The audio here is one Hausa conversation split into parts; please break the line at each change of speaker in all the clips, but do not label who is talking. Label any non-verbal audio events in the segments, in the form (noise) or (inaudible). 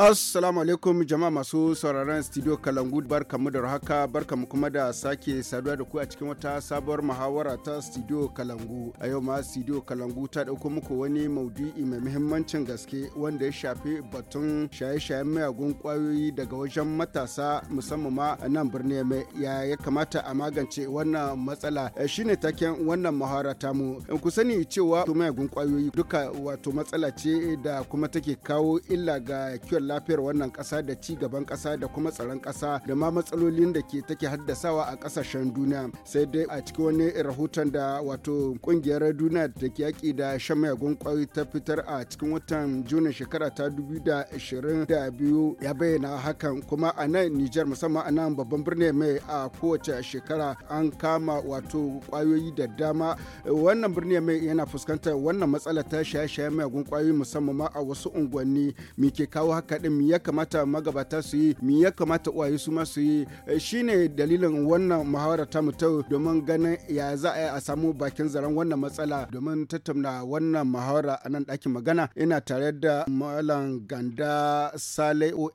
Assalamu alaikum jama'a masu sauraron studio Kalangu mu da haka mu kuma da sake saduwa da ku a cikin wata sabuwar muhawara ta studio Kalangu. A yau ma studio Kalangu ta dauko muku wani maudu'i mai muhimmancin gaske wanda ya shafi batun shaye-shayen mayagun kwayoyi daga wajen matasa musamman ma a nan birni mai ya ya kamata a magance wannan matsala eh, shine taken wannan muhawara tamu. Ku sani cewa mayagun kwayoyi duka wato matsala ce da kuma take kawo illa ga kiwon lafiyar wannan ƙasa da ci gaban ƙasa da kuma tsaron ƙasa da ma matsalolin da ke take haddasawa a ƙasashen duniya sai dai a cikin wani rahoton da wato ƙungiyar duniya da ke yaƙi da shan mayagun ƙwai ta fitar a cikin watan junin shekara ta 2022 ya bayyana hakan kuma a nan Nijar musamman a nan babban birni mai a kowace shekara an kama wato ƙwayoyi da dama wannan birni mai yana fuskantar wannan matsala ta shaye-shaye mayagun ƙwayoyi musamman ma a wasu unguwanni me ke kawo haka faɗin me ya kamata magabata su yi mi ya kamata uwaye su ma su yi eh, shine dalilin wannan muhawara ta mu tau domin ganin ya za a yi a samu bakin zaren wannan matsala domin tattauna wannan muhawara a nan ɗakin magana ina tare da malam ganda sale ong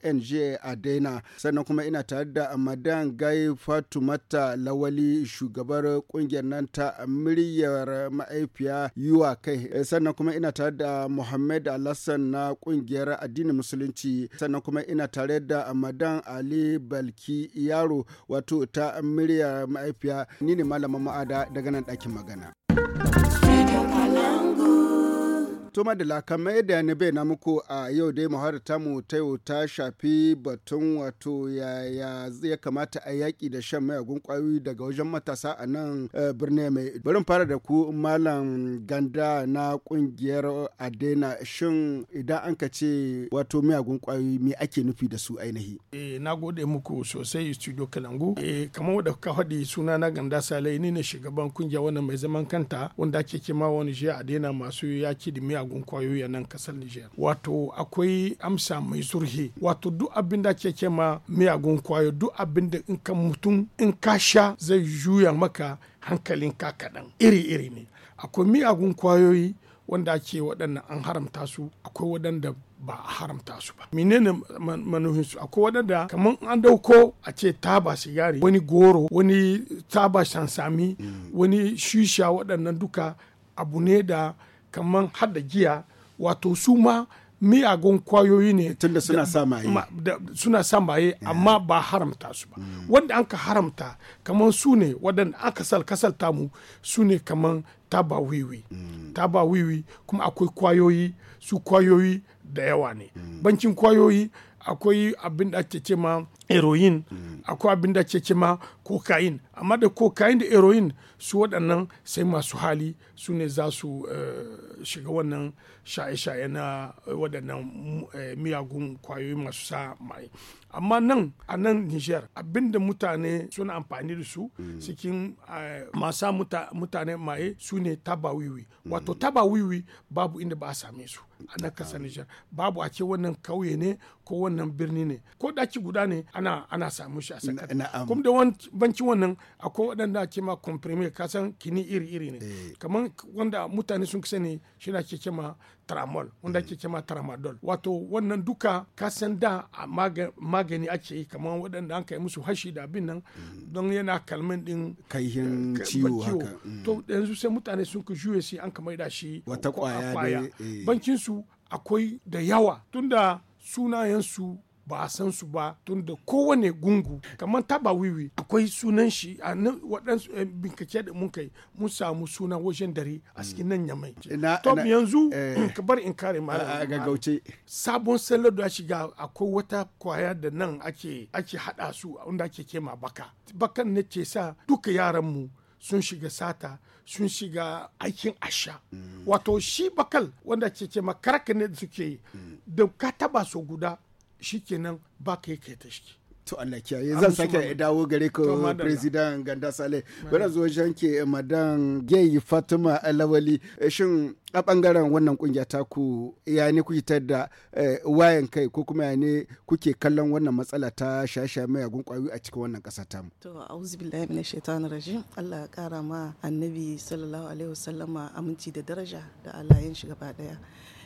a daina sannan kuma ina tare da madan gai fatumata lawali shugabar kungiyar nan ta muryar ma'aifiya yiwa kai eh, sannan kuma ina tare da muhammad alassan na kungiyar addinin musulunci Bauchi sannan kuma ina tare da Madan Ali Balki Yaro wato ta murya ma'aifiya ni ne malamin ma'ada daga nan ɗakin magana. To madala kamar yadda na muku a yau dai ta mu ta yau ta shafi batun wato ya ya ya kamata a yaki da shan mayagun kwayoyi daga wajen matasa a nan eh, birni mai. barin fara da ku malam ganda na kungiyar Adena shin idan an ka ce wato miyagun kwayoyi me ake nufi da su ainihi.
Eh na gode muku sosai studio Kalangu. Eh kamar da ka faɗi suna na ganda Salai ni ne shugaban kungiya wannan mai zaman kanta wanda ake kima wani jiya Adena masu yaki da miyagun miyagun kwayoyi nan kasar Nijar. Wato akwai amsa mai zurhi. wato duk abin da ake ma miyagun kwayo duk abin da in ka mutum in ka sha zai juya maka hankalin ka kaɗan iri-iri ne. Akwai miyagun kwayoyi wanda ake waɗannan an haramta su akwai waɗanda ba a haramta su ba menene manuhin su akwai waɗanda kamar an dauko a ce taba sigari wani goro wani taba sansami mm. wani shisha waɗannan duka abu ne da kamar hada giya wato su ma miyagun kwayoyi ne tunda suna sa maye suna sa amma ba haramta su ba mm. wanda an ka haramta kamar su ne waɗanda aka sal kasalta mu su ne kamar taba wiwi mm. taba wiwi kuma akwai kwayoyi su kwayoyi da yawa ne mm. bankin kwayoyi akwai abin da ake ce ma heroin akwai abin ake ce ma cocaine amma da cocaine da heroin su waɗannan sai masu hali su ne za su eh, shiga wannan shaye-shaye na eh, waɗannan eh, miyagun kwayoyi masu sa mai amma nan a nan niger abinda mutane suna amfani da su mm. cikin masa mutane maye su ne taba wiwi wato mm. taba wiwi babu inda ba a same su a nan kasa niger babu a ce wannan kauye ne ko wannan birni ne ko daki guda ne ana samun shi a sakar kuma da wannan akwai waɗanda ake ma comprime kasan kini iri-iri ne eh. kamar wanda mutane sun sani shi na ake kema tramol wanda ake kema tramadol wato wannan duka kasan da a magani ake yi kamar waɗanda an kai musu hashi da abin nan mm. don yana kalmin din
kaihin eh, ciwo haka
to mm. yanzu sai mutane sun ka juye shi an kamar da shi wata kwaya eh. bankin su akwai da yawa tunda sunayensu ba a san su ba tun da kowane gungu kamar taba wiwi akwai sunan shi a nan waɗansu eh, bincike da mun kai mun samu suna wajen dare a cikin nan yamai to yanzu eh, ka bar in kare ma gaggauce sabon sallar da shiga akwai wata kwaya da nan ake ake hada su inda ake kema baka bakan ne ke sa duka yaran mu sun shiga sata sun shiga aikin asha mm. wato shi bakal wanda ke ce makaraka ne suke mm. da ka taba so guda shikenan ba ka kai kai tashi to Allah kiyaye zan sake dawo gare ka president
Ganda Sale bari zuwa ke eh, madan Gay Fatima Alawali eh, shin a bangaren wannan kungiya ta ku ya ne kuke tar da eh, wayan kai ko kuma ya ne kuke kallon wannan matsala ta shasha mai agun kwayoyi a cikin wannan kasa
ta mu to a'udhu billahi minash shaitanir rajim Allah ya kara ma annabi sallallahu alaihi wasallama aminci da daraja da Allah ya shi ba daya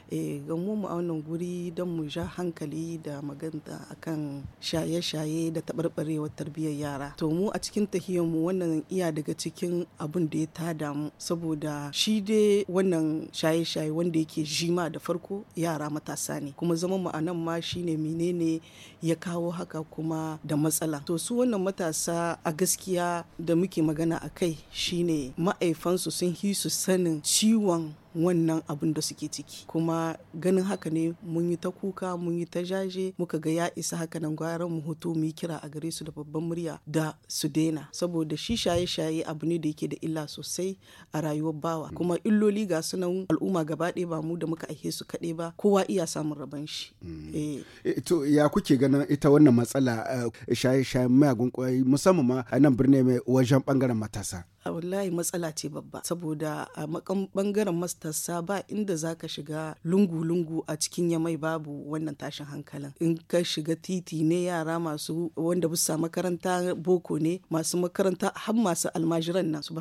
eh ga mu a wannan guri don mu ja hankali da maganta akan shaye-shaye da taɓarɓarewar tarbiyyar yara to mu a cikin tahiyar mu wannan iya daga cikin abun da ya tada mu saboda shi dai wannan shaye-shaye wanda yake jima da farko yara matasa ne kuma zama mu a nan ma shine menene ya kawo haka kuma da matsala to su wannan matasa a gaskiya da muke magana a kai shine ma'aifansu sun hi su sanin ciwon wannan abin da suke ciki kuma ganin haka ne mun yi ta kuka mun yi ta jaje muka ga ya isa haka nan gwaran mu hoto mu yi kira a gare su da babban murya da su daina saboda shi shaye-shaye abu ne da yake da illa sosai a rayuwar bawa mm. kuma illoli ga sunan al'umma gaba ɗaya ba mu da muka aihe su kaɗai ba kowa iya samun rabon shi.
Mm. Eh. Eh, to ya kuke ganin ita wannan matsala shaye eh, shaye mayagun kwayoyi musamman ma a nan birni mai wajen bangaren matasa.
wallahi matsala ce babba saboda a makan bangaren mastarsa ba inda za ka shiga lungu-lungu a cikin yamai babu wannan tashin hankalin in ka shiga titi ne yara masu wanda bisa makaranta boko ne masu makaranta har masu almajiran na. su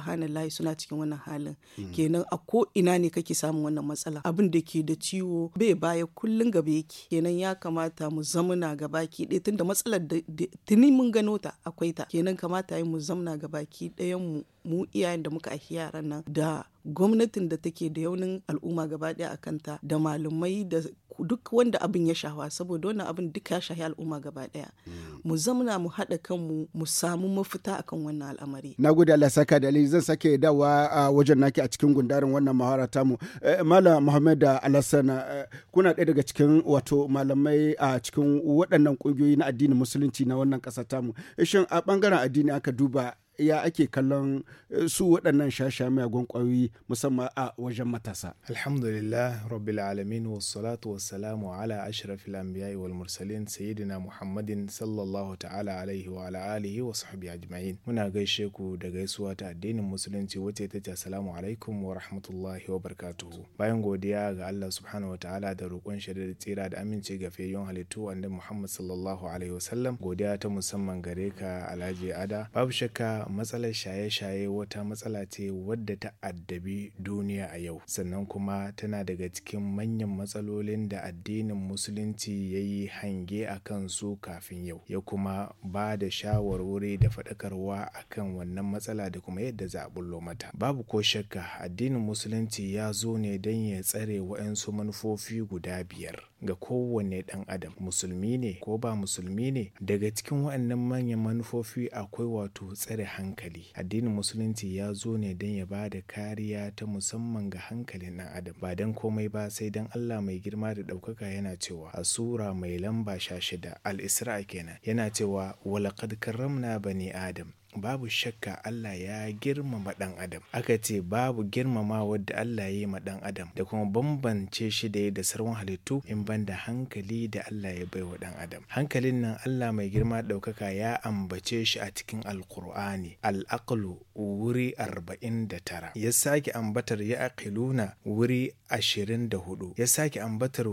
suna cikin wannan halin hmm. kenan a ko ina ne kake samun wannan matsala abin da ke da ciwo bai baya kullun gaba yake kenan ya kamata mu zamuna gabaki ɗaya tunda matsalar da tuni mun gano ta akwai ta kenan kamata yi mu zamna gabaki ɗayan mu mu iyayen da muka aiki yaran nan da gwamnatin da take da yaunin al'umma gaba daya a kanta da malamai da duk wanda abin ya shafa saboda wannan abin duka ya shafi al'umma gaba daya hmm. mu zamna mu haɗa kanmu mu samu mafita akan wannan al'amari
na gode Allah saka da zan sake dawa a wajen naki a cikin gundarin wannan mahara mu eh, malam muhammad alassan eh, kuna ɗaya daga cikin wato malamai a cikin waɗannan ƙungiyoyi na addinin musulunci na wannan ƙasa mu eh, shin a bangaren addini aka duba ya ake kallon eh, su waɗannan shasha miyagun ƙwayoyi musamman
a wajen matasa. Alhamdulillah rabbil alamin wa salatu wa salamu ala ashrafil anbiya'i wal mursalin sayyidina Muhammadin sallallahu ta'ala alaihi wa ala alihi wa sahbihi ajma'in. Muna gaishe ku da gaisuwa ta addinin musulunci wacce ta ce assalamu alaikum wa rahmatullahi wa barakatuhu. Bayan godiya ga Allah subhanahu wa ta'ala da roƙon shi da tsira da amince ga fayyon halittu annabi Muhammad sallallahu alaihi wa sallam. Godiya ta musamman gare ka Alhaji Ada. Babu shakka matsalar shaye-shaye wata matsala ce wadda ta addabi duniya a yau sannan kuma tana daga cikin manyan matsalolin da addinin musulunci ya yi hange a kan su kafin yau ya kuma ba da shawarwari da faɗakarwa a kan wannan matsala da kuma yadda za a bullo mata babu ko shakka addinin musulunci ya zo ne don ya tsare waɗansu manufofi guda biyar ga kowane ɗan adam musulmi ne ko ba musulmi ne daga cikin waɗannan manyan manufofi akwai wato tsare hankali addinin musulunci ya zo ne don ya ba da kariya ta musamman ga hankalin ɗan adam ba don komai ba sai don allah mai girma da ɗaukaka yana cewa a sura mai lamba sha shida al kenan yana cewa walaqad karramna bani adam babu shakka Allah ya girmama ɗan adam aka ce babu girmama wadda Allah ya yi ma ɗan adam da kuma bambance shi da da sarwan halittu in banda hankali da Allah ya baiwa ɗan adam hankalin nan Allah mai girma ɗaukaka ya ambace shi a cikin alƙur'ani al'aqlu wuri arba'in da tara ya sake ambatar ya aqiluna wuri ashirin hudu ya sake ambatar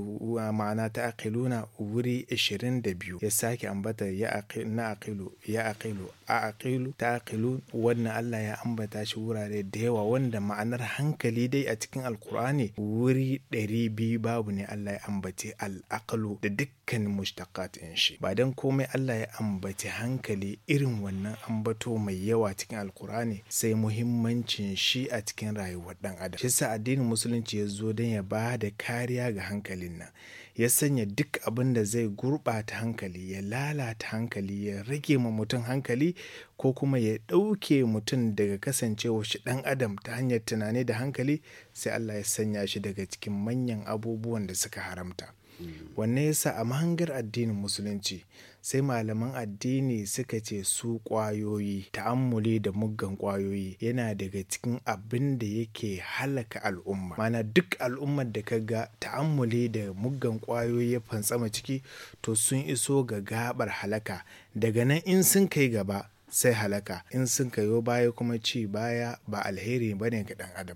ma'ana ta aqiluna wuri ashirin da biyu ya sake ambatar ya na aqilu ya aqilu a aqilu ta aqilu wannan Allah ya ambata shi wurare da yawa wanda ma'anar hankali dai a cikin alkur'ani wuri ɗari biyu babu ne Allah ya ambace al'aqlu da duk dukkan mushtaqat in shi ba dan komai Allah ya ambaci hankali irin wannan ambato mai yawa cikin alkur'ani sai muhimmancin shi a cikin rayuwar dan adam shi sa addinin musulunci ya zo dan ya ba da kariya ga hankalin nan ya sanya duk abin da zai gurɓata hankali ya lalata hankali ya rage ma mutum hankali ko kuma ya ɗauke mutum daga kasancewa shi ɗan adam ta hanyar tunani da hankali sai Allah ya sanya shi daga cikin manyan abubuwan da suka haramta. wanne yasa a mahangar addinin musulunci sai malaman addini suka ce su ƙwayoyi ta'ammuli da muggan ƙwayoyi yana daga cikin abin da yake halaka al'umma mana duk al'ummar da ka ga ta'ammuli da muggan ƙwayoyi ya fantsama ciki to sun iso ga gabar halaka daga nan in sun kai gaba sai halaka in sun kayo baya kuma ci baya ba alheri ba ne ga dan adam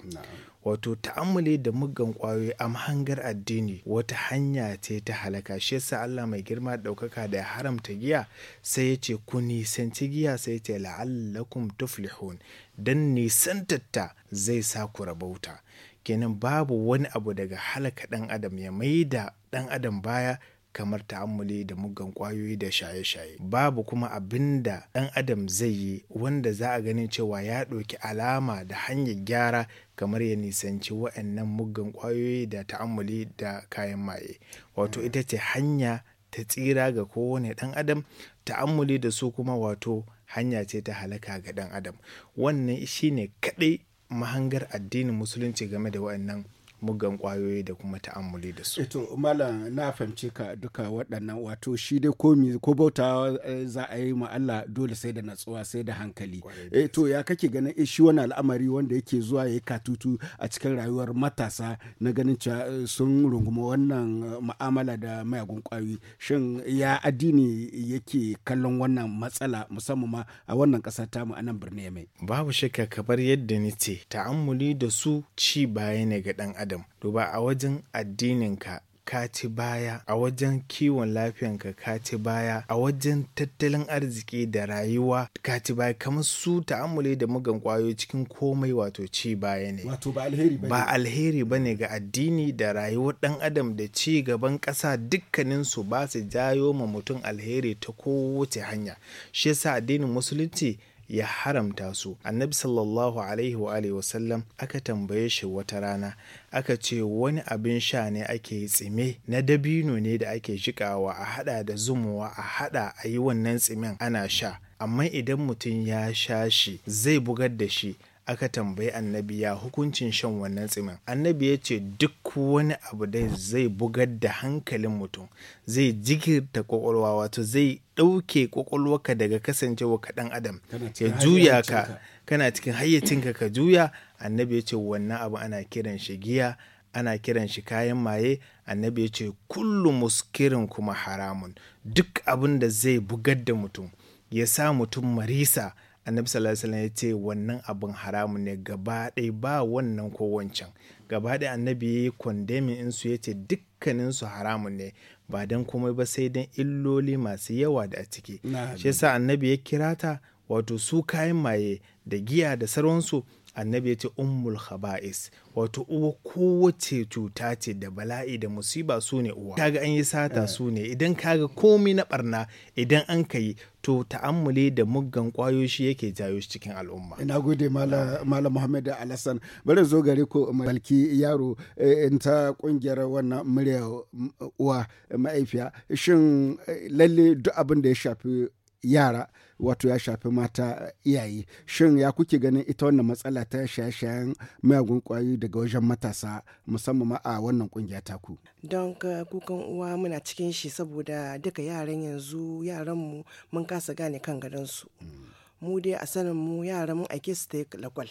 wato ta'ammuli da muggan kwayoyi a mahangar addini wata hanya ce ta halaka shi yasa Allah mai girma daukaka da ya haramta giya sai ya ce ku nisanci giya sai ya ce la'allakum tuflihun dan nisantatta zai sa ku rabauta kenan babu wani abu daga halaka dan adam ya maida dan adam baya kamar ta'ammuli da muggan kwayoyi da shaye-shaye babu kuma abin da ɗan adam zai yi wanda za a ganin cewa ya ɗauki alama da hanyar gyara kamar ya nisanci wa'annan muggan kwayoyi da ta'ammuli da kayan maye wato ita ce hanya ta tsira ga kowane ɗan adam ta'ammuli da su kuma wato hanya ce ta halaka ga ɗan adam wannan shine kaɗai mahangar addinin musulunci game da wa'annan muggan kwayoyi da kuma ta'ammuli da su. Eto eh malam na fahimci ka
duka waɗannan wato shi dai ko ko bauta eh, za a yi ma Allah dole sai da natsuwa sai da hankali. Eto eh ya kake ganin eh, shi wani al'amari wanda yake zuwa ya yi katutu a cikin rayuwar matasa na ganin cewa sun runguma wannan ma'amala da mayagun kwayoyi shin ya addini yake kallon wannan matsala musamman ma a
wannan ƙasa mu a nan birni mai. Babu shakka kamar yadda ni ce ta'ammuli da su ci baya ne ga ɗan adam. adam duba a wajen addininka ka ci baya a wajen kiwon lafiyanka ka ci baya a wajen tattalin arziki da rayuwa ka ci baya kamar su ta'amuli da mugan kwayo cikin komai wato ci baya ne ba alheri ba alheri bane ga addini da rayuwar dan adam da ci gaban kasa dukkanin su ba su jayo ma mutum alheri ta kowace hanya shi yasa addinin musulunci ya haramta su annabi sallallahu alaihi wa alihi wasallam aka tambaye shi wata rana aka ce wani abin sha ne ake tsime na dabino ne da ake jikawa a hada da zumuwa a hada a yi wannan tsimin. ana sha amma idan mutum ya sha shi zai bugar da shi aka tambayi annabi ya hukuncin shan wannan tsimin annabi ya ce duk wani abu da zai bugar da hankalin mutum zai jigirta kwakwalwa wato zai ɗauke kwakwalwarka daga kasancewa ka adam ya juya ka kana cikin hayyacinka ka juya annabi ya ce wannan abu ana kiran shi giya ana kiran shi kayan maye annabi ya ce kullum muskirin kuma haramun duk abin da zai bugar da mutum ya sa mutum marisa annabi sallallahu alaihi ya ce wannan abin haramu ne gaba ɗaya ba wannan ko wancan gaba ɗaya annabi ya yi kwandemin su ya ce dukkanin su haramun ne ba dan komai ba sai dan illoli masu yawa da a ciki shi yasa annabi ya kirata wato su kayan maye da giya da sarwansu annabi ya ce ummul khaba'is wato uwa kowace cuta ce da bala'i da musiba su ne uwa kaga an yi sata su ne idan kaga komai na barna idan an ka yi to ta'ammuli da muggan kwayo shi yake jayo shi cikin al'umma ina gode malam muhammad alassan bari zo gare ko
balki yaro eh, in ta kungiyar wannan murya mm, uwa ma'aifiya shin eh, lalle duk abin da ya shafi yara wato ya shafi mata iyaye shin ya kuke ganin ita wannan matsala ta shaye-shayen mayagun kwayoyi daga wajen matasa musamman ma a wannan kungiya taku
don kukan uwa muna cikin shi saboda duka yaran yanzu yaran yaranmu mun kasa gane kan su mm. mu dai a sanin mu yaran mu ake su ta lakwal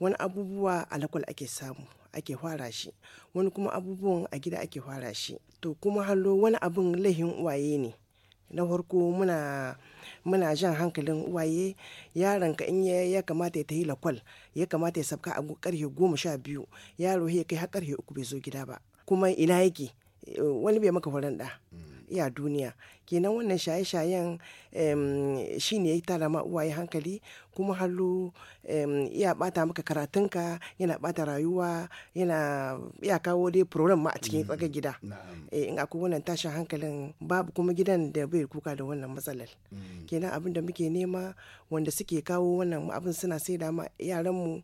wani abubuwa a lakwal ake samu ake fara shi wani kuma abubuwan a gida ake fara shi to kuma hallo wani abin lahin uwaye ne na farko muna muna jan hankalin uwaye yaron ka in ya kamata ya yi lakwal ya kamata ya sabka a karfe goma sha biyu yaro ya kai har karfe uku bai zo gida ba kuma ina yake eh, wani bai maka horon da ya duniya kenan wannan shaye-shayen shi ne ya tara ma uwaye hankali kuma hallu iya bata maka karatunka yana bata rayuwa yana iya kawo dai program ma a cikin mm, tsakar gida eh, in akwai wannan tashin hankalin babu kuma gidan da bai kuka da wannan matsalar mm. kenan abin da muke nema wanda suke kawo wannan abin suna saida ma yaranmu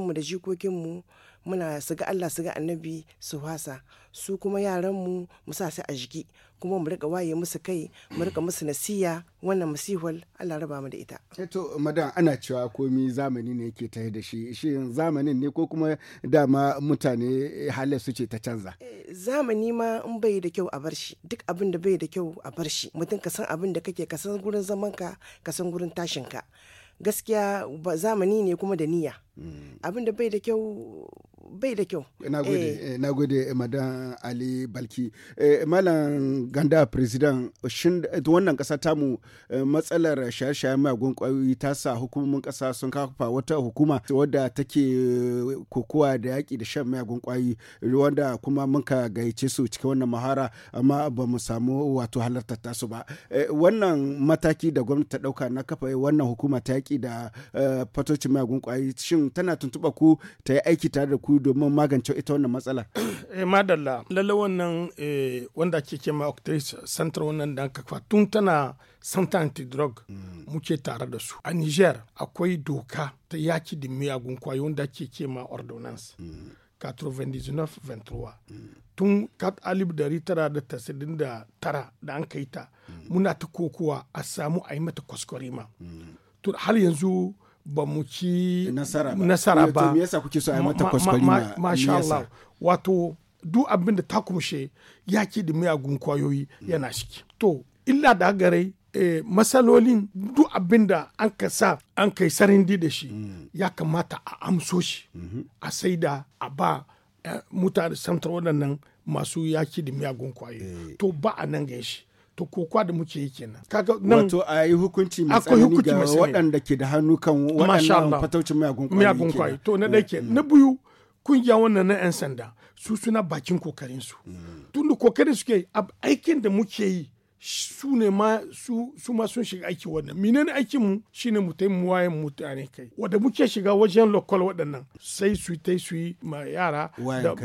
mu da jikokinmu muna su ga Allah su ga annabi su wasa su kuma yaran mu mu sa su a jiki kuma mu rika waye musu kai mu rika musu nasiya wannan musihwal Allah raba mu da ita eh
to madan ana cewa komi zamani ne yake tahi da shi shi zamanin ne ko kuma dama mutane eh, halar su ce ta canza
eh, zamani ma in bai da kyau a bar shi duk abin da bai da kyau a bar shi mutum ka san abin da kake ka san gurin zaman ka ka san gurin tashin ka gaskiya zamani ne kuma da niyya abin da bai da kyau bai da kyau eh,
na gode eh. eh, madan ali balki malam ganda president shin wannan kasa tamu matsalar shaye-shaye magun kwayoyi ta sa hukumomin kasa sun kafa wata hukuma wadda take kokowa da yaki da shan magun kwayoyi wanda kuma mun ka gayyace su cikin wannan mahara amma ba mu samu wato halartar su ba wannan mataki da gwamnati ta dauka na kafa wannan hukuma ta yaki da fatocin magun kwayoyi shin tana tuntuɓa ku ta yi aiki tare da ku domin magance ita wannan matsala.
eh madalla lallai wannan eh, wanda ake kema octave center wannan da kafa tun tana santa anti-drug mm. muke tare da su a niger akwai doka ta yaki da miyagun kwayo wanda ake kema ordonance 99-23 mm. mm. tun kat alif da ritara da tasirin da tara da an kai ta muna ta kokowa a samu a yi mata kwaskwarima to har yanzu ba mu ci nasara ba nasara masha Allah wato duk abin da ta kumshe yaki da miyagun kwayoyi yana ciki to illa da gare eh, duk abin da an ka sa an kai sarin di da shi mm. ya kamata a amso shi a mm-hmm. sai a saida a ba eh, mutane samtar waɗannan masu yaki da miyagun kwayoyi eh. to ba a nan gan shi to kokuwa da muke yi kenan kaga nan wato a yi hukunci mai tsanani ga waɗanda
ke da hannu kan waɗannan fataucin miyagun kwayoyi miyagun kwayoyi
to na ɗaya mm, kenan mm. na biyu kungiya wannan na 'yan sanda su suna bakin kokarin su tun da kokarin suke aikin da muke yi su ne ma su su ma sun shiga aiki wannan menene aikin mu shine mu tai mu wayan mutane kai wanda muke shiga wajen lokal waɗannan sai su tai su yi ma yara wayan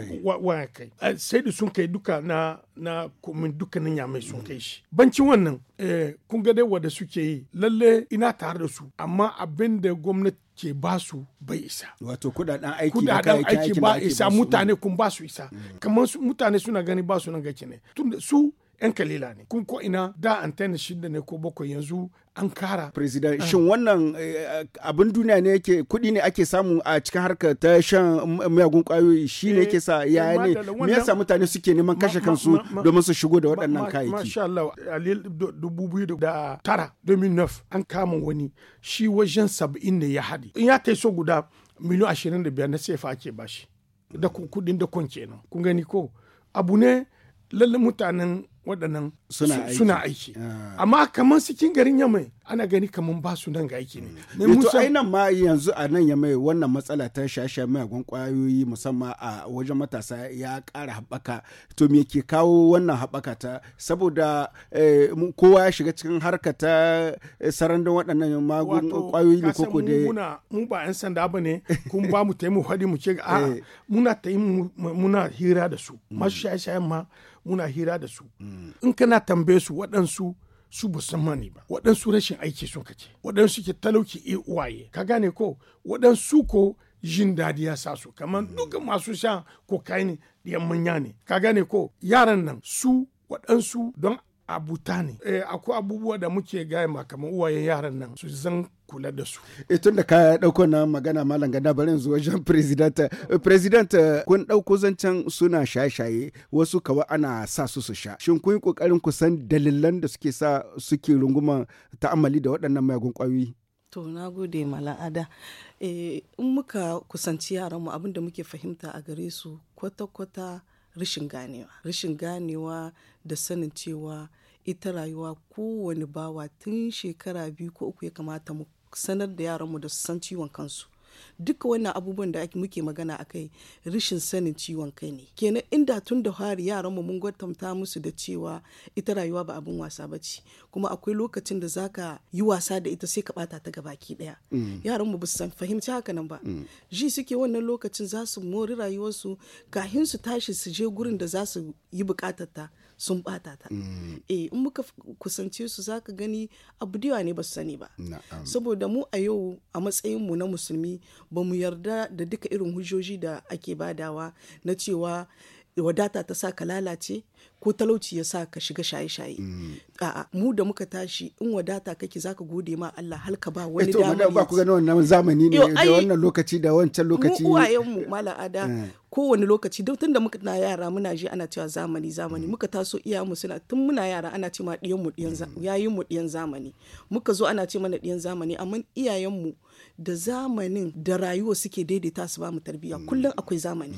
kai sai da sun kai duka na na komin dukkanin mai sun kai shi bancin wannan eh, kun ga dai wanda suke yi lalle ina tare da su amma abin da gwamnati ke ba su bai isa. Wato kudaden aiki kudaden aiki ba isa mutane kun ba su isa. Mm. Kamar mutane suna gani ba su nan gaki ne. tun su 'yan kalila ne kun ko ina da antena shida ne ko bakwai yanzu an kara president ah. shin wannan
eh, abin duniya ne yake kudi ne ake samu a cikin harkar ta shan miyagun kwayoyi shi ne yake sa ya eh, eh, ne me yasa mutane suke neman kashe kansu domin su shigo da waɗannan kayayyaki
masha Allah alil 2009 2009 an kama wani shi wajen 70 ne ya haɗi in ya kai so guda miliyan 25 na sefa ake bashi da kudin da kun kenan kun gani ko abu ne lallai mutanen waɗannan suna aiki ah. amma kamar cikin garin yamai ana gani kamar ba su nan ga aiki ne mm. eh, to ai
ma yanzu a nan ya mai wannan matsala ta shashe mayagun kwayoyi musamman a wajen matasa ya kara haɓaka to me ke kawo wannan haɓaka ta saboda eh, kowa ya shiga cikin harka ta eh, sarandon waɗannan magun kwayoyi ne koko da
mu ba 'yan sanda ba ne kun ba mu taimu hadi mu ce a muna taimu muna hira da su masu mm. shaye-shayen ma muna hira da su mm. in kana tambaye su waɗansu su ba san mani ba waɗansu rashin aiki sun kace waɗansu ke talauki e uwaye ka gane ko waɗansu ko jin daɗi ya sa su kamar dukkan masu sha kokaini da manya ne ka gane ko yaran nan su waɗansu don abuta ne eh, akwai abubuwa da muke gaya ma kamar uwayen yaran nan su zan kula da su
e tun da kaya dauko na magana malam gada bari zuwa jan (laughs) president eh, president kun dauko zancen suna shaye-shaye wasu kawai ana sa su su sha shin kun yi kokarin ku san dalilan da suke sa suke runguma ta'ammali da waɗannan mayagun kwayoyi
to na gode malam ada in muka kusanci yaranmu abin da muke fahimta a gare su kwata-kwata rashin ganewa rashin ganewa da sanin cewa ita rayuwa kowane bawa tun shekara biyu ko uku ya kamata mu sanar da yaranmu da su san ciwon kansu duka wannan abubuwan da muke magana a kai rashin sanin ciwon kai ne kenan inda tun da hari yaran mu mun gwatanta musu da cewa ita rayuwa ba abin wasa ba ce kuma akwai lokacin da zaka yi wasa da ita sai ka bata ta ga baki daya mm. yaran mu ba su fahimci haka nan ba mm. ji suke wannan lokacin za su mori rayuwarsu kahin su tashi su je gurin da za su yi bukatar ta sun bata ta mm. eh in muka kusance su zaka gani abu da ne ba su sani ba saboda mu a yau a matsayin mu na musulmi ba mu yarda da duka irin hujjoji da ake badawa na cewa wadata ta sa ka lalace ko talauci ya sa ka shiga shaye-shaye mm. a'a mu da muka tashi in wadata kake zaka gode ma Allah hal ka ba eh wani dama ne ba ku gani
wannan zamani ne da wannan lokaci da wancan lokaci mu uwayen
mu mala ada eh. kowane lokaci duk tunda muka na yara muna ji ana cewa zamani zamani mm. muka taso iya mu suna tun muna yara ana ce ma diyan mu diyan yayin mu diyan zamani muka zo ana ce mana diyan zamani amma iyayen mu da zamanin da rayuwa suke daidaita su ba mu tarbiyya mm. kullum akwai zamani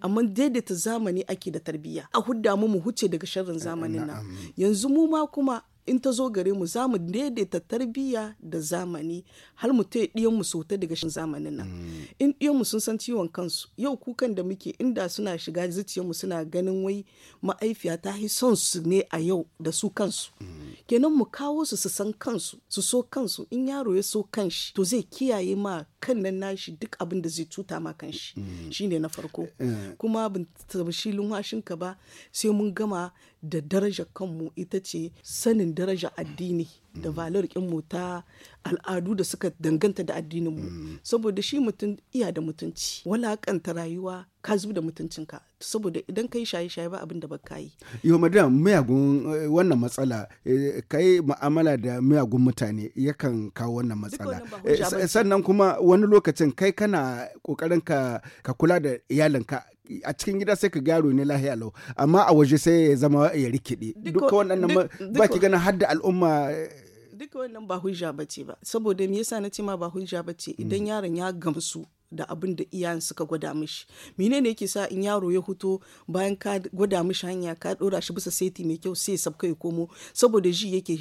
amma daidaita zamani ake da tarbiyya a hudda mu mu wuce daga sharrin zamanin nan yanzu mu ma kuma in ta zo gare mu za mu daidaita tarbiyya da zamani har mu ta yi mu sota daga shan zamanin nan mm. in ɗiyan mu sun san ciwon kansu yau kukan da muke inda suna shiga zuciyar mu suna ganin wai ma'aifiya ta yi son su ne a yau da su kansu mm. kenan mu kawo su su san kansu su so kansu in yaro ya so kanshi to zai kiyaye ma kan nan nashi duk abin da zai cuta ma kanshi mm. shine na farko eh. kuma ban tabashi lumhashin ka ba sai mun gama da daraja kanmu ita ce sanin daraja addini da valar mu ta al'adu da suka danganta da addininmu saboda shi mutum iya da mutunci walakanta rayuwa ka zubi da mutuncinka saboda idan kai shaye-shaye ba abin da baka yi.
Yo madina miyagun eh, wannan matsala eh, kai ma'amala da miyagun mutane yakan kawo wannan matsala. Eh, sannan kuma wani lokacin kai kana kokarin ka kula da iyalinka a cikin gida sai ka gyaro ne lahiya lau amma a waje sai ya zama ya rikide duka wannan ba ki ganin hadda al'umma eh.
duka wannan ba hujja ce ba saboda me yasa na ce ma ba hujja ce idan mm. yaron ya gamsu da abin da iyayen suka gwada mishi mine ne yake sa in yaro ya huto bayan ka gwada mishi hanya ka dora shi bisa seti mai kyau sai sabka ya komo saboda ji yake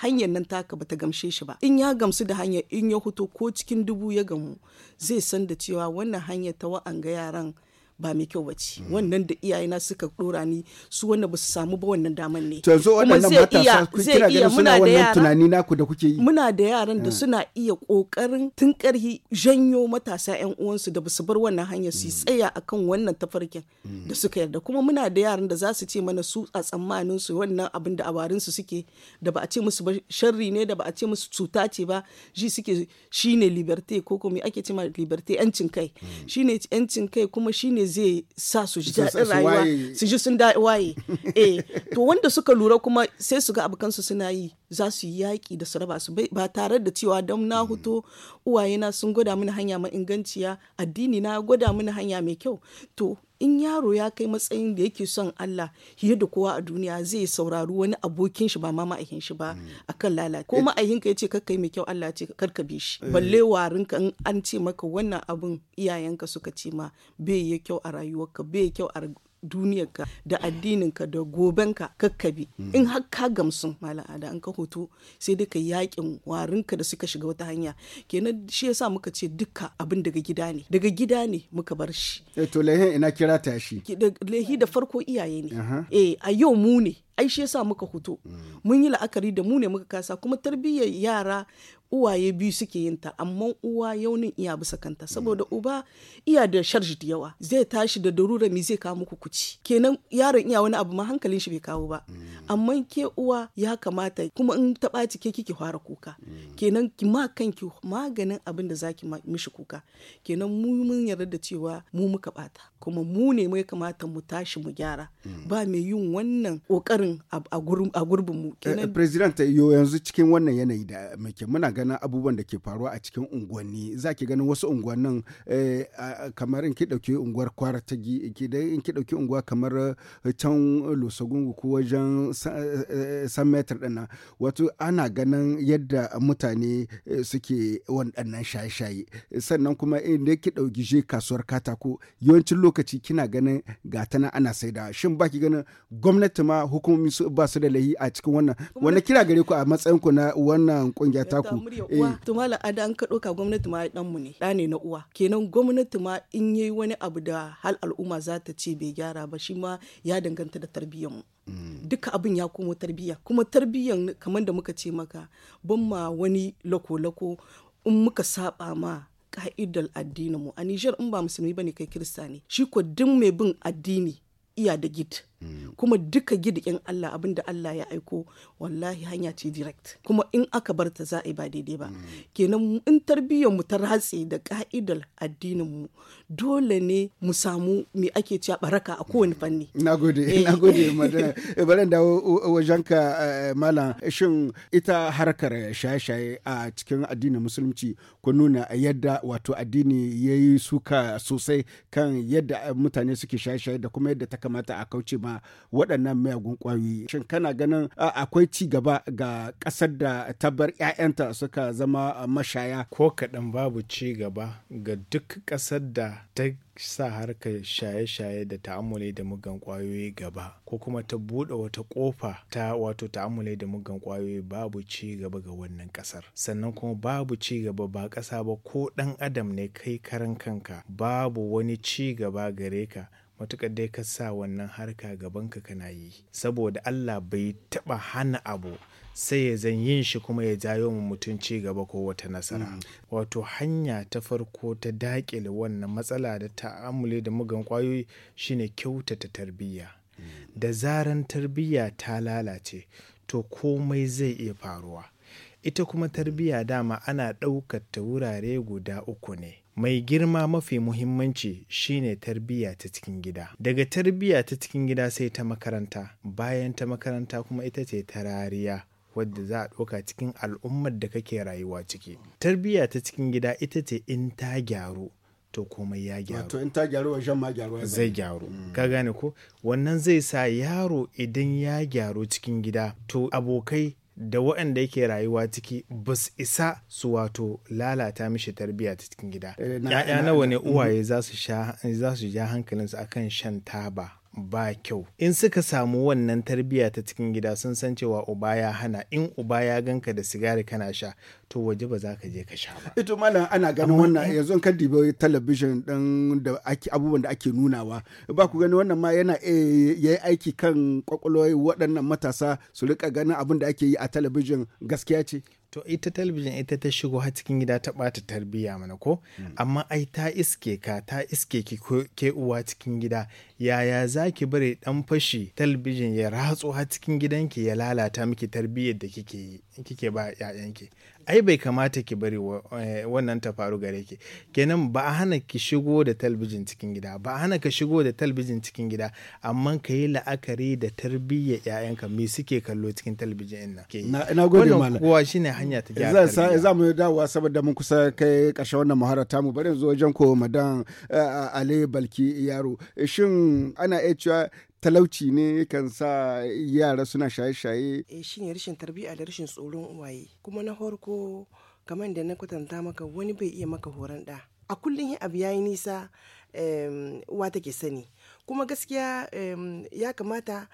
hanyar nan taka bata gamshe shi ba in ya gamsu da hanyar in ya huto ko cikin dubu ya gamu zai san da cewa wannan hanyar ta wa'anga yaran ba mai kyau bace mm. wannan da iyayena suka dora ni su wanda ba su samu ba wannan daman ne to yanzu wannan matasa kun kira ganin suna wannan tunani
naku da kuke yi
muna da yaran da mm. suna iya kokarin tun karhi janyo matasa yan uwansu da su bar wannan hanyar su mm. tsaya akan wannan tafarkin da suka yarda kuma muna da yaran da za su ce mana su a tsammanin su wannan abin da abarin su suke da ba a ce musu sharri ne da ba a ce musu cuta ce ba ji suke shine liberté ko kuma ake ce ma liberté yancin kai shine yancin kai kuma shine zai sa su ji daɗin rayuwa su ji sun da waye (laughs) eh to wanda suka lura kuma sai su ga abokansu suna yi za su yi yaƙi da su raba su ba tare da cewa don na mm. huto uwayena sun gwada mini hanya mai inganciya addini na gwada mini hanya mai kyau to in yaro ya kai matsayin da yake son Allah fiye da kowa a duniya zai saurari wani abokin shi ba ma ma'ahin shi ba hmm. a kan lalata ko eh. ma'ahin ka yace kakkai mai kyau Allah ce karka bi shi eh. balle warin ka in an ce maka wannan abun iyayenka suka ce ma bai yi kyau a rayuwarka bai yi kyau a duniyarka da addininka da gobenka kakkabi mm. in har ka gamsun mala'ada an ka hoto sai dai ka yakin warinka da suka shiga wata hanya kenan shi yasa muka ce duka abin daga gida ne daga gida ne muka bar shi
eh, to lehi ina kira ta shi
lehi da farko iyaye ne eh a yau mu ne ai shi yasa muka hoto mm. mun yi la'akari da mu ne muka kasa kuma tarbiyyar yara uwaye biyu suke yin ta amma uwa yaunin iya bisa kanta saboda uba iya da sharji da yawa zai tashi da darura mi zai kawo muku kuci kenan yaron iya wani abu ma hankalin shi bai kawo ba amma ke uwa ya kamata kuma in ta ɓaci ke kike fara kuka kenan ki ma kanki maganin abin da zaki mishi kuka kenan mu mun yarda da cewa mu muka bata kuma mu ne mai kamata mu tashi mu gyara ba mai yin wannan kokarin a gurbin mu eh, eh, kenan
president yo yanzu cikin wannan yanayi da muke muna ganin abubuwan da ke faruwa a cikin unguwanni za ki ganin wasu unguwannin eh, kamar in ki ɗauki unguwar kwara ta gi in ki ɗauki unguwa kamar eh, can losogungu ko wajen eh, san metar ɗana wato ana ganin yadda mutane suke waɗannan shaye-shaye sannan kuma da ki ɗauki je kasuwar katako yawancin lokaci kina ganin na ana saida shin ba ki ganin gwamnati ma hukumomi ba su da lahi a cikin wannan wanda kira gare ku a matsayin ku na wannan kungiya taku murya eh. uwa
to ada an ka doka gwamnati ma dan mu ne da ne na uwa kenan gwamnati ma in yayi wani abu da hal al'umma za ta ce bai gyara ba shi ma ya danganta da tarbiyyar mu mm. duka abin ya komo tarbiyya kuma tarbiyyan kamar da muka ce maka ban ma wani lako-lako in muka saba ma ka'idar addinin mu a Nijar in ba musulmi bane kai kirista ne shi ko duk mai bin addini iya da gid kuma duka gidikin Allah abin da Allah ya aiko wallahi hanya ce direct kuma in aka bar ta za a yi ba daidai ba kenan in tarbiyyar mu ta ratse da ka'idar addinin mu dole ne mu samu me ake cewa baraka a kowane fanni
nagode eh. nagode madana eh,
bari da eh, wajenka
malam shin ita harkar shaye-shaye a cikin addinin musulunci ku nuna yadda wato addini yayi suka sosai kan yadda mutane suke shaye-shaye da kuma yadda ta kamata a kauce ma waɗannan miyagun ƙwayoyi shin kana ganin akwai ci gaba ga ƙasar da ta bar 'ya'yanta suka zama mashaya
ko kaɗan babu ci gaba ga duk ƙasar da ta sa harkar shaye-shaye da ta'amuli da mugan ƙwayoyi gaba ko kuma ta buɗe wata ƙofa ta wato ta'amuli da mugan ƙwayoyi babu ci gaba ga wannan ƙasar sannan kuma babu ci gaba ba ƙasa ba ko ɗan adam ne kai karan kanka babu wani ci gaba gare ka matuƙar dai ka sa wannan harka gabanka kana yi saboda Allah bai taɓa hana abu sai ya zan yin shi kuma ya jayo mu mutum ci gaba ko wata nasara mm. wato hanya ta farko ta daƙile wannan matsala da amule da mugan ƙwayoyi shine kyautata tarbiyya mm. da zaran tarbiyya ta lalace to komai zai iya faruwa ita kuma tarbiyya dama ana ɗaukar ta wurare guda uku ne mai girma mafi muhimmanci shine tarbiyya ta cikin gida daga tarbiyya ta cikin gida sai ta makaranta bayan ta makaranta kuma ita ce ta rariya wadda za a ɗauka cikin al'ummar da kake rayuwa ciki tarbiyya ta cikin gida ita ce in ta gyaru to komai ya gyaru wato
in ta gyaru wajen ma gyaru zai gyaru
mm. ka gane ko wannan zai sa yaro idan ya gyaru cikin gida to abokai da waɗanda yake rayuwa ciki ba su isa su wato lalata mishi tarbiyya ta cikin gida. Eh, ‘Ya'ya nawa ne uwaye za su ja hankalinsu akan shan taba ba kyau. In suka samu wannan tarbiyya ta cikin gida sun san cewa uba ya hana in uba ya ganka da sigari kana sha to waje ba za ka je ka sha ba.
Ito malam ana ganin wannan yanzu kan bai talabijin ɗin da ake abubuwan da ake nunawa ba ku gani wannan ma yana eh, ya yi aiki kan kwakwalwai waɗannan matasa su
rika ganin abin da ake yi a talabijin gaskiya ce. To ita talabijin ita ta shigo har cikin gida ta ɓata tarbiyya mana ko hmm. amma ai ta iske ka ta iske ki ke uwa cikin gida yaya za ki bari ɗan fashi talabijin ya ratso har cikin gidanki ya lalata miki tarbiyyar da kike ba 'ya'yanki. ai bai kamata ki bari eh, wannan ta faru gare ki kenan ba a hana ki shigo da talbijin cikin gida ba a hana ka shigo da talbijin cikin gida amma ka yi la'akari da tarbiyya ƴaƴanka me suke kallo cikin talbijin ɗin nan na ina gode malam kowa shine hanya ta gyara za
za mu dawowa saboda mun kusa kai ƙarshen wannan muhara ta mu bari zo wajen ko madan eh, Ali Balki Yaro shin ana iya cewa talauci ne kan sa yara suna shaye-shaye.
E eh, shi ne rashin tarbiyya da rashin tsoron uwaye. Kuma na farko kamar da na kwatanta maka wani bai iya maka horon da. a kullum abu yayi nisa uwa take sani kuma gaskiya ya kamata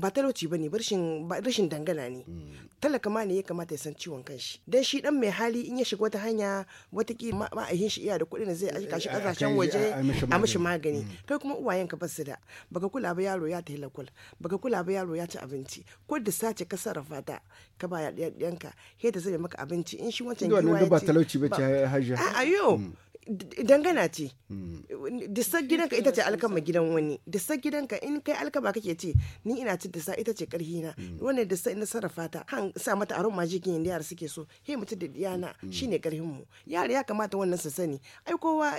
ba talauci ba ne rashin dangana ne mm. talaka ma ne ya kamata ya san ciwon kanshi don shi dan mai hali in ya shiga wata hanya wataki a shi iya da kuɗin da zai aika shi eh, kasashen waje a mashi magani mm. kai kuma uwayen ka basu da baka kula ba yaro ya tahi lakul baka kula ba yaro ya ci abinci ko da sace ka sarrafa ta ka ba ɗiyanka he ta zai maka abinci in shi wancan giwa ya ba talauci ba ce hajiya ayo dangana ce hmm. dusar gidanka ita ce alkama gidan wani dusar gidanka in kai alkama kake ce ni ina ci dusa ita ce karhi na hmm. wannan disa ina sarrafa ta han sa mata aron majiki yadda yara suke so he mutu da diyana hmm. shine karhin mu yara ya kamata wannan su sani ai kowa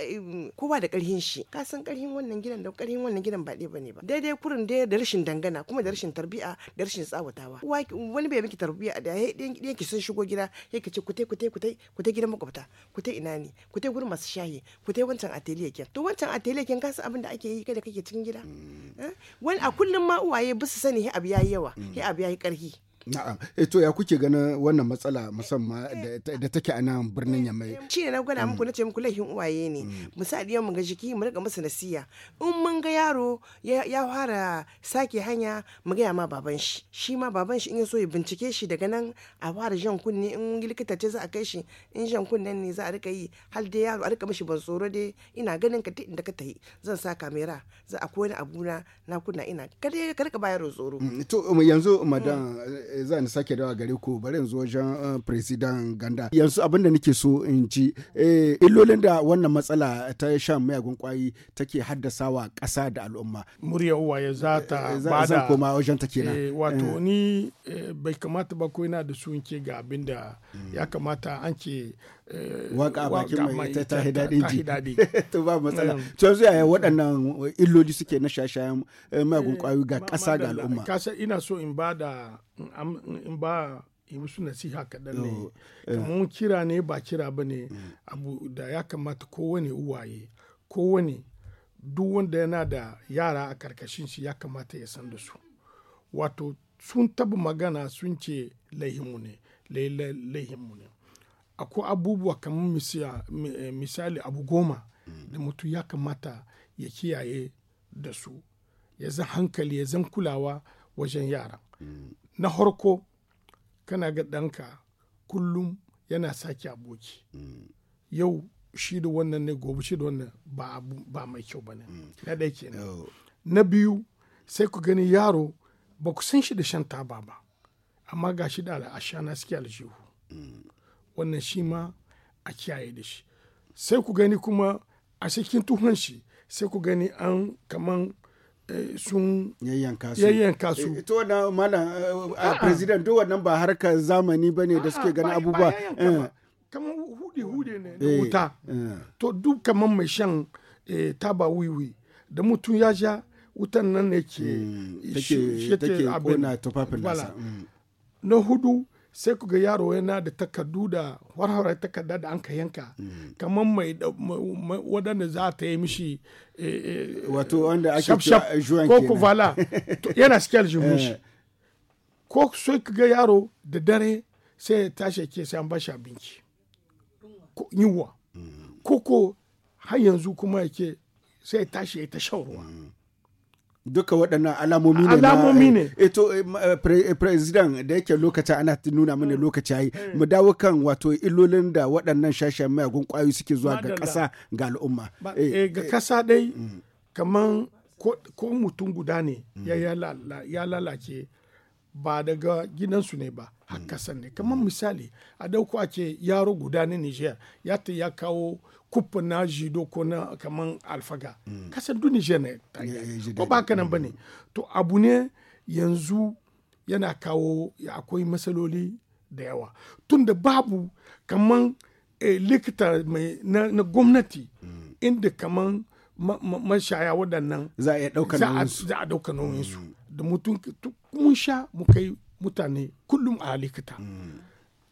kowa da karhin shi ka san karhin wannan gidan da karhin wannan gidan ba ba bane ba daidai kurin da da rashin dangana kuma da rashin tarbiya da rashin tsawatawa wani bai miki tarbiya da he ɗiyan ki sun shigo gida he ki ce kutai kutai kutai kutai gidan makwabta kutai ina ne kutai gurin masu shayi ku dai wancan atelier kin to wancan atelier kin kasu abin da ake yi kada kake cikin gida mm. eh? wani a kullum ma uwaye bisu sani he abu yayi yawa mm. he abu yayi karhi
Na'am, eh, to ya kuke ganin wannan matsala musamman da take a nan birnin Yamai?
Mm. Shi ne na gwada muku mm. na ce muku laifin uwaye ne. Mm. Misali yau mun ga jiki mu rika masa nasiya. In mun ga yaro ya fara sake hanya mu ga ma baban shi. Shi ma baban shi in ya so ya bincike shi daga nan a fara jan kunne in likita ce za a kai shi in jan kunnen ne za a rika yi har dai yaro a rika mishi ban tsoro dai ina ganin ka duk inda ka tafi zan sa kamera za a koyi abuna na kunna ina kada ka rika bayar tsoro.
To um, yanzu madan Eh, zan sake dawa gare ku bari yanzu wajen eh, president ganda yanzu abin da nake so in ji eh, illolin da wannan matsala ta shan mayagun kwayi take haddasawa ƙasa
da al'umma murya ya za ta bada koma wajen ta kenan wato ni bai kamata ba ko yana da su in ke ga abinda da ya kamata an ce Eh, waka bakin mai ta ta hidadi ji (laughs) to ba matsala eh. to yanzu yaya
waɗannan illoli suke na shashayen eh, magun kwayoyi ga ƙasa ga al'umma
kasa ina so in ba da in ba yi musu nasiha kaɗan ne oh, kamar kira ne ba kira ba ne mm. abu da ya kamata kowane uwaye kowane duk wanda yana da yara a karkashin shi ya kamata ya san da su wato sun taba magana sun ce laihinmu ne laihinmu ne akwai abubuwa kamar eh, eh, misali abu goma da mutum ya kamata ya kiyaye da su ya zan hankali ya zan kulawa wajen yara na harko kana ga ɗanka kullum yana sake aboki yau shi da wannan ne gobe shi da wannan ba mai kyau ba ne na ɗaya kenan na biyu sai ku gani yaro ba ku san shi da shan taba ba amma ga shi da ashana suke aljihu wannan shi ma a kiyaye da shi sai ku gani kuma a cikin tuhon shi sai ku gani an kaman eh, sun yayyanka su ito su eh, mana eh, a president duk wannan ba harka zamani ba ne da suke gani abubuwa kaman hudi hude ne da wuta to duk kaman mai shan taba wiwi da mutum ya ja wutan nan ne ke hmm, shi ta ke abin hmm. na hudu sai ku ga yaro yana da takardu da warware takarda da an ka yanka kamar mai waɗanda za ta yi mishi eh, eh, wato wanda ake ko kuvala yana aljihun shi eh. ko sai ku ga yaro da dare sai ya tashi ke sai an bashi abinci yunwa mm. ko ko har yanzu kuma yake sai ya tashi ya ta shawarwa mm. duka waɗannan alamomi ne alamomi ne
eto eh, eh, eh, president da yake lokaci ana nuna mana mm. lokaci yayi mm. mu dawo kan wato ilolin da waɗannan shashen
mayagun kwayoyi suke zuwa ga ƙasa ga al'umma eh ga ƙasa dai mm. kaman ko mutum guda ne ya lalace ba daga gidansu ne ba har hmm. ne kamar misali a dauko a yaro guda na niger ya ta ya kawo kufa na jido ko na kamar alfaga hmm. kasan du niger ne ko ba haka nan ba ne hmm. to abu ne yanzu yana kawo akwai matsaloli da yawa tunda babu kamar eh, likita mai na, gwamnati inda kamar mashaya ma, waɗannan
za a
ɗauka nauyinsu da mutum mun sha mu kai mutane kullum a likita mm.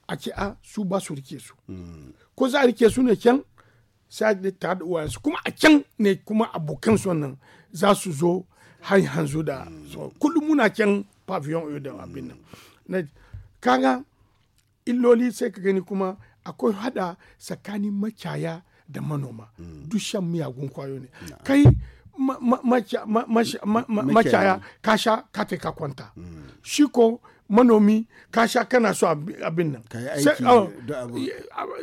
a ce a ah, su ba su rike su mm. ko za a rike su ne can sai da ta da su kuma a can ne kuma abokan su wannan za su zo har hanzu da mm. kullum muna can pavillon oyo da abin nan na kaga illoli sai ka gani kuma akwai hada tsakanin makiyaya da manoma duk shan miyagun kwayo ne kai macaya ka sha ka ta ka kwanta shi ko manomi ka sha kana so abin nan oh,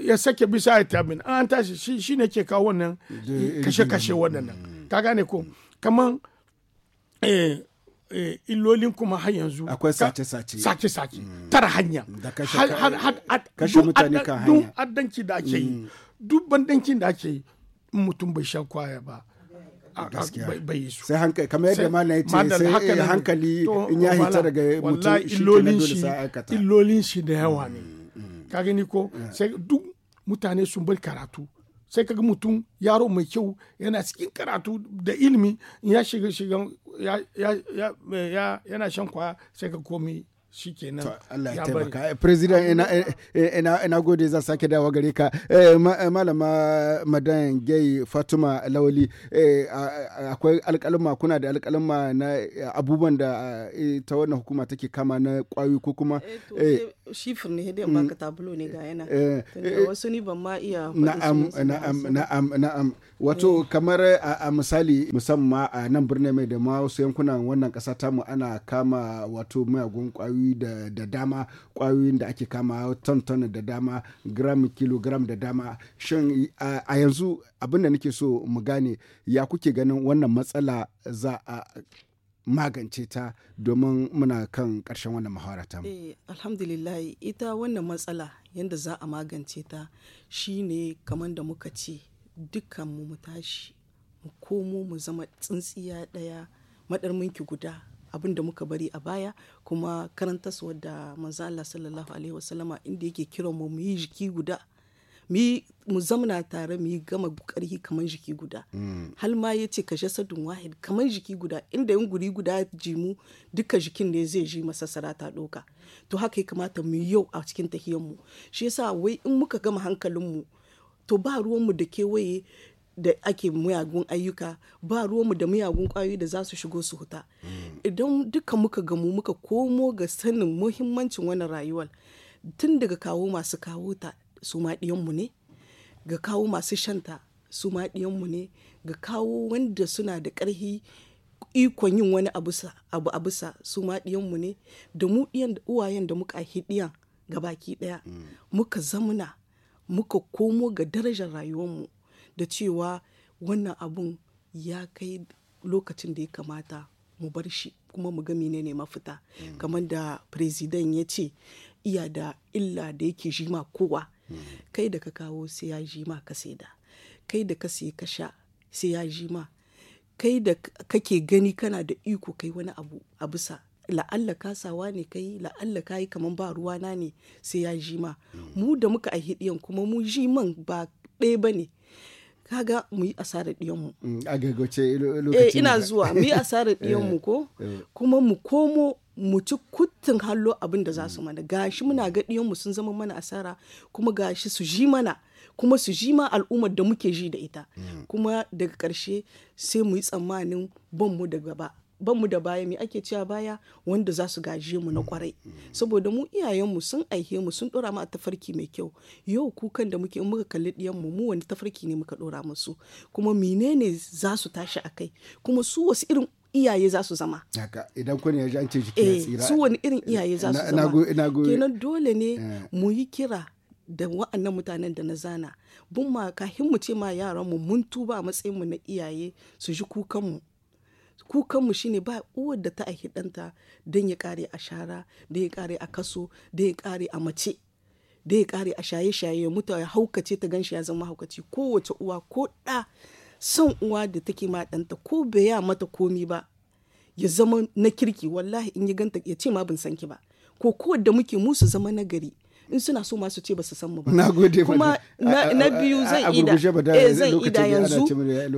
ya sake bisa ya tabin an tashi shi ne ke kawo wannan kashe-kashe waɗannan mm. ka gane ko kaman eh, eh, illolin kuma har yanzu akwai
sace-sace
sace-sace mm. tara hanya kashe mutane kan hanya duk addanci da ake yi mm. duk bandancin da ake yi mutum bai sha kwaya ba sai hankali kamar yadda malam ya ce sai hankali in ya hita daga mutum shi kenan dole sai aikata illolin shi da yawa ne mm, mm, mm. ka gani ko sai duk mutane sun bar karatu sai kaga mutum yaro mai kyau yana cikin karatu da ilimi ya shiga shiga yana shan kwaya sai ka komi shikenan Allah ya taimaka president eh,
eh, eh, ina ina gode za sake dawo gare ka malama madan gay fatima lawali akwai alƙalma kuna da alƙalma na abubuwan da ta wannan hukuma take kama na kwayoyi ko kuma
shifir ne da baka mm, tabulo ne ga yana wasu ni ban ma iya na'am
na'am na'am na'am wato eh. kamar a misali musamman a nan birnin mai da ma wasu yankunan wannan kasa mu ana kama wato mayagun kwayoyi da dama kwayoyin da ake kama ton ton da dama gram kilogram da dama shin a yanzu abin da nake so mu gane ya kuke ganin wannan matsala za a magance ta domin muna kan karshen wannan mahawara ta
eh, alhamdulillah ita wannan matsala yadda za a magance ta shine kamar da muka ce dukkanmu mu tashi mu komo mu zama tsintsiya ɗaya minki guda abin da muka bari a baya kuma su wadda manzo Allah sallallahu alaihi wasallama inda yake kiran mu mu yi jiki guda mu zamna tare mu yi gama karhi kamar jiki guda mm. hal ma ya ce kashe sadun wahid kamar jiki guda inda yin guri guda jimu duka jikin ne zai ji masa sarata doka to haka ya kamata mu yau a cikin tahiyan mu shi yasa wai in muka gama hankalin mu to ba ruwanmu da kewaye da ake muyagun ayyuka ba ruwanmu da muyagun kwayoyi da za su shigo su huta mm. idan duka muka gamu muka komo ga sanin muhimmancin wannan rayuwar tun daga kawo masu kawo ta su ma ɗiyanmu ne ga kawo masu shanta su ma ɗiyanmu ne ga kawo wanda suna da ƙarfi ikon yin wani abu a bisa su ma ɗiyanmu ne da mu uwayen da muka hidiyan ga baki ɗaya mm. muka zamuna muka komo ga darajar rayuwarmu da cewa wannan abun ya kai lokacin da ya kamata mu bar shi kuma mu ga menene mafita mm. kamar da firizidan ya ce iya da illa da yake jima kowa mm. kai da ka kawo sai ya jima ka saida kai da ka sai ka sha sai ya jima kai da kake gani kana da iko kai wani abu a bisa la'alla kasawa ne ka yi la'alla ka yi kaman ba ruwa na ne sai ya ji ma mu da muka ai hidiyan kuma mu ji man ba ɗaya ba ne kaga mu yi asarar ɗiyanmu.
Mm, a gaggace lokacin eh, ina zuwa
mu yi asarar ɗiyanmu (laughs) eh, ko eh. kuma mu komo mu ci kuttun hallo abin da za su mana gashi muna ga ɗiyanmu sun zama mana asara kuma gashi su ji mana kuma su ji ma al'ummar da muke ji da ita mm. kuma daga ƙarshe sai mu yi tsammanin mu da gaba ban mu da baya me ake cewa baya wanda za su gaje mu na kwarai saboda mu iyayenmu sun aihe mu sun dora mu a tafarki mai kyau yau kukan da muke muka kalli diyan mu mu wani tafarki ne muka dora musu kuma menene za su tashi akai kuma su wasu irin iyaye za su zama.
Haka idan kun ya an ce jiki ya eh, tsira. Su wani
irin iyaye za su zama. Kenan dole ne eh. mu yi kira da wa'annan mutanen da na zana. bin ma kahin mu ce ma yaran mu mun tuba matsayin mu na iyaye su ji kukan mu. kukanmu shine ba uwar da ta aiki ɗanta don ya kare a shara don ya kare a kaso don ya kare a mace don ya kare a shaye-shaye ya mutu ya haukace ta ganshi ya zama haukaci kowace uwa ko ɗa son uwa da take ma ɗanta ko bai ya mata komi ba ya zama na kirki wallahi in ya ganta ya ce ma ban san ki ba ko kowadda muke musu zama na gari in suna so masu ce ba su san mu ba. Na gode kuma na biyu zan ida eh, zan ida yanzu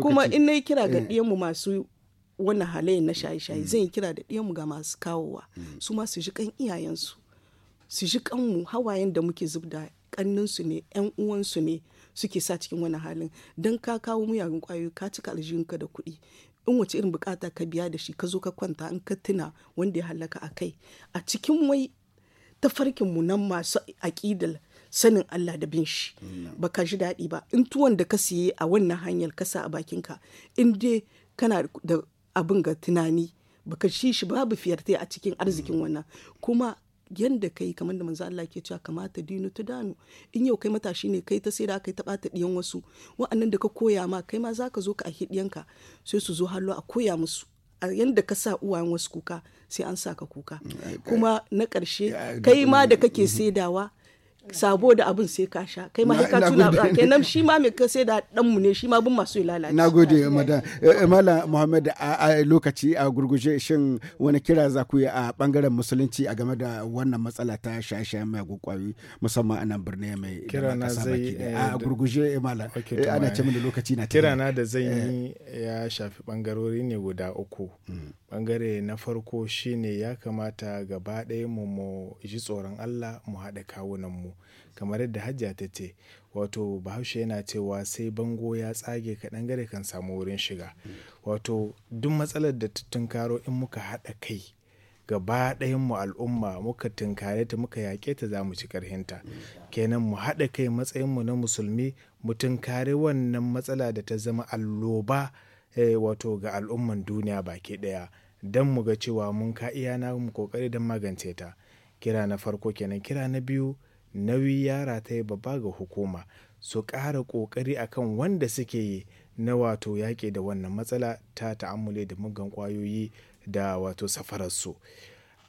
kuma in na kira ga eh. mu masu wannan halayen na shaye-shaye mm. zan yi kira da ɗiyanmu ga masu kawowa mm. su ma ji kan iyayensu su ji kanmu hawayen da muke zubda kanninsu ne yan uwansu ne suke sa cikin wani halin dan ka kawo muyagun kwayoyi ka cika aljihunka da kuɗi in wace irin bukata ka biya da shi ka zo ka kwanta in ka tuna wanda ya halaka a kai a cikin wai mu nan masu aƙidar sanin Allah da bin shi mm. ba ka ji daɗi ba in tuwon da ka siye a wannan hanyar kasa a bakinka in dai kana da abin ga tunani baka shi shi babu fiyarta a cikin arzikin mm. wannan kuma yanda kai kamar da manzo Allah ke cewa kamata dinu ta danu in yau kai matashi ne kai ta sai da kai ta bata diyan wasu wa'annan da ka koya ma kai ma zaka zo ka ahi diyanka sai su zo hallo a koya musu a yanda ka sa uwayen wasu kuka sai an sa ka kuka mm, kuma na karshe kai ma da kake mm-hmm. saidawa sabo da abin sai ka sha kai ma ka tuna ba kenan shi ma mai ka sai da mu ne shi ma bin masu lalace na
gode madan eh, eh, malam muhammad a lokaci a gurguje shin wani kira za ku yi a bangaren musulunci a game da wannan matsala ta shashe mai kwayoyi musamman a nan birni mai kira na zai eh, a
gurguje malam
ana ce mini lokaci na kira na da zai yi
ya shafi bangarori ne guda uku mm. bangare na farko shine ya kamata gaba ɗaya mu mu ji tsoron Allah mu haɗa kawunan mu Kamar yadda Hajja ta ce, wato Bahaushe yana cewa sai bango ya tsage kaɗan gare kan samu wurin shiga. Wato duk matsalar da ta tunkaro in muka haɗa kai gaba mu al'umma muka tunkare ta muka yaƙe ta za mu ci ƙarhinta. Kenan mu haɗa kai matsayin mu na musulmi mu tunkare wannan matsala da ta zama alloba eh wato ga al'umman duniya baki ɗaya. don mu ga cewa mun ka iya na mu kokari don magance ta kira na farko kenan kira na biyu nauyi yara ta yi babba ga hukuma su ƙara ƙoƙari akan wanda suke yi na wato yaƙi da wannan matsala ta ta'amule da muggan ƙwayoyi da wato safararsu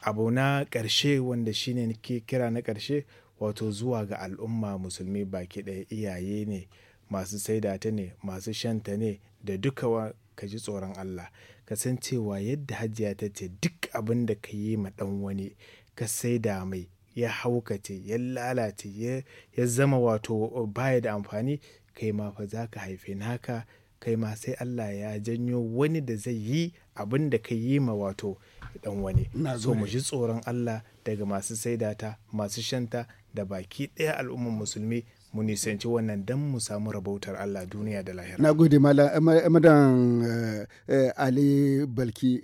abu na ƙarshe wanda shine ke kira na ƙarshe wato zuwa ga al'umma musulmi baki ɗaya iyaye ne masu saida ta ne masu shanta ne da duka ka ji tsoron allah kasancewa yadda hajiya ta ce duk abin da ka yi ma dan wani ka saida mai ya haukace ya lalace ya zama wato uh, baya da amfani kai ma fa za ka haife naka kai ma sai Allah ya janyo wani da zai yi abin da ka yi ma wato dan wani so mu ji tsoron Allah daga masu saidata masu shanta da baki ɗaya al'umman musulmi mu nisanci wannan dan mu samu rabautar Allah duniya da lahira.
Na gode eh, eh, madan eh, Ali Balki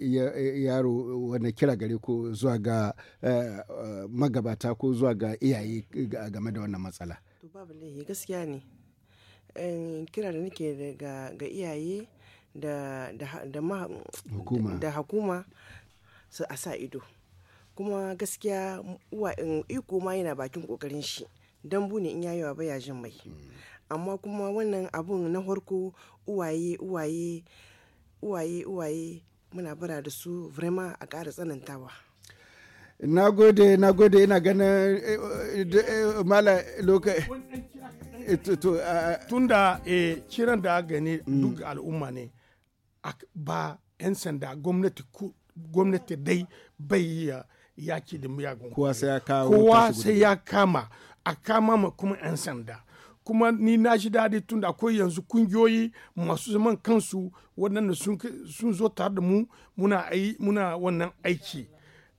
yaro wanda kira gare ko zuwa ga magabata ko zuwa ga iyaye game da wannan matsala. To
babu laihi gaskiya ne. Kira da nake ga iyaye da hakuma su a sa ido. Kuma gaskiya iko ma yana bakin kokarin shi. dambu ne in yayi wa baya jin mai amma kuma wannan abun na farko uwaye uwaye uwaye uwaye muna bara da su vrema a ƙara tsanantawa
na gode na gode ina
ganin mala tunda kiran da gani mm. duk al'umma ne ba 'yan sanda gwamnati dai bai yaki da miyagun
kowa sai
ya kama a kama ma kuma 'yan sanda kuma ni na shi daɗi tun da akwai yanzu kungiyoyi masu zaman kansu waɗanda sun zo tare da mu muna, muna wannan aiki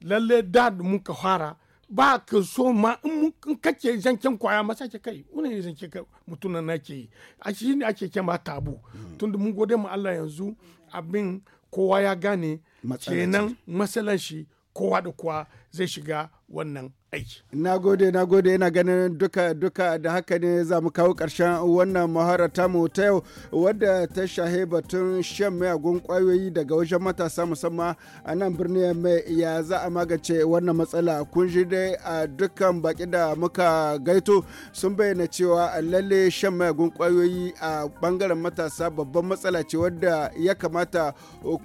lalle da ka fara ba ka so ma in kake zancen kwaya masa ke kai wani ne zance ka mutum na nake yi a shi ne ake ba tabu mm. da mun gode mu Allah yanzu abin kowa ya gane kenan matsalan shi kowa da kowa zai shiga wannan
Na gode, na gode, ina ganin duka duka da haka ne za mu kawo ƙarshen wannan maharata mu ta yau wadda ta shahe batun shan miyagun ƙwayoyi daga wajen matasa musamman a nan birnin mai ya za a magance wannan matsala kun ji dai a dukkan baki da muka gaito sun bayyana cewa lalle shan mayagun ƙwayoyi a bangaren matasa babban matsala ce wadda ya kamata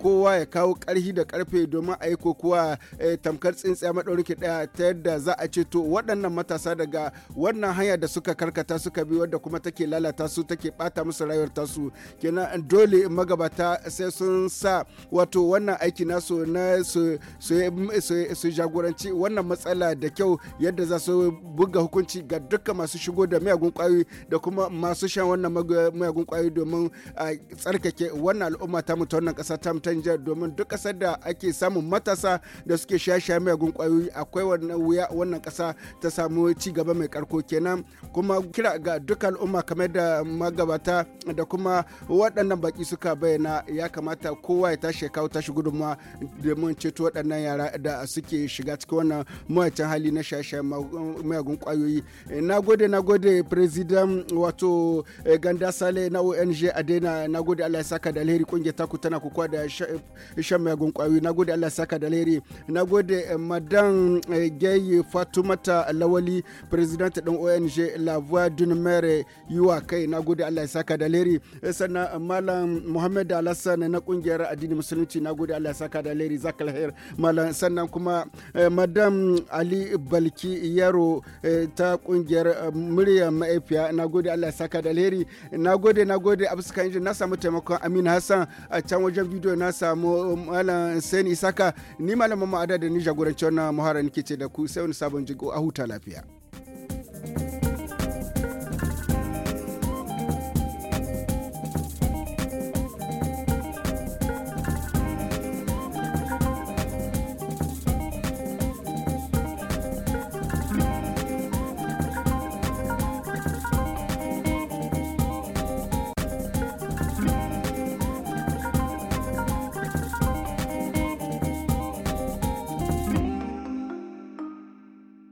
kowa ya kawo ƙarfi da ƙarfe domin a yi kokowa eh, tamkar tsintsiya maɗaurinki ɗaya ta yadda za a to waɗannan matasa daga wannan hanya da suka karkata suka bi wadda kuma take lalata su take bata musu rayuwar tasu kenan dole magabata sai sun sa wato wannan aiki nasu na su jagoranci wannan matsala da kyau yadda za su buga hukunci ga duka masu shigo da miyagun kwayoyi da kuma masu shan wannan miyagun kwayoyi domin a tsarkake wannan al'umma ta mutu wannan kasa ta mutan ta domin duk kasar da ake samun matasa da suke sha sha miyagun kwayoyi akwai wannan wuya wannan kasa ta samu ci gaba mai karko kenan kuma kira ga duka al'umma kamar da magabata da kuma waɗannan baki suka bayyana ya kamata kowa ya tashi kawo tashi gudunmawa domin ceto waɗannan yara da suke shiga cikin wannan mawacin hali na shashe mayagun kwayoyi na gode na gode president wato eh, ganda sale na ong adena na gode allah ya saka da alheri kungiyar taku tana kukuwa da shan mayagun kwayoyi na gode allah ya saka da alheri na gode eh, madan eh, gaye fatumata lawali president ɗin ong la voix d'une mère yiwa kai na gode allah ya saka da leri eh, sannan eh, malam muhammad alassan na kungiyar addini musulunci na gode allah ya saka da leri zaka lahir malam sannan kuma eh, madam ali balki yaro ta kungiyar murya ma'aifiya na gode allah ya saka da leri na gode na gode a fuskan injin na samu taimakon amin hassan a can wajen bidiyo na samu malam sani isaka ni malam mamma ada da ni jagoranci wannan muhara nake ce da ku sai wani sabon jigo a huta lafiya.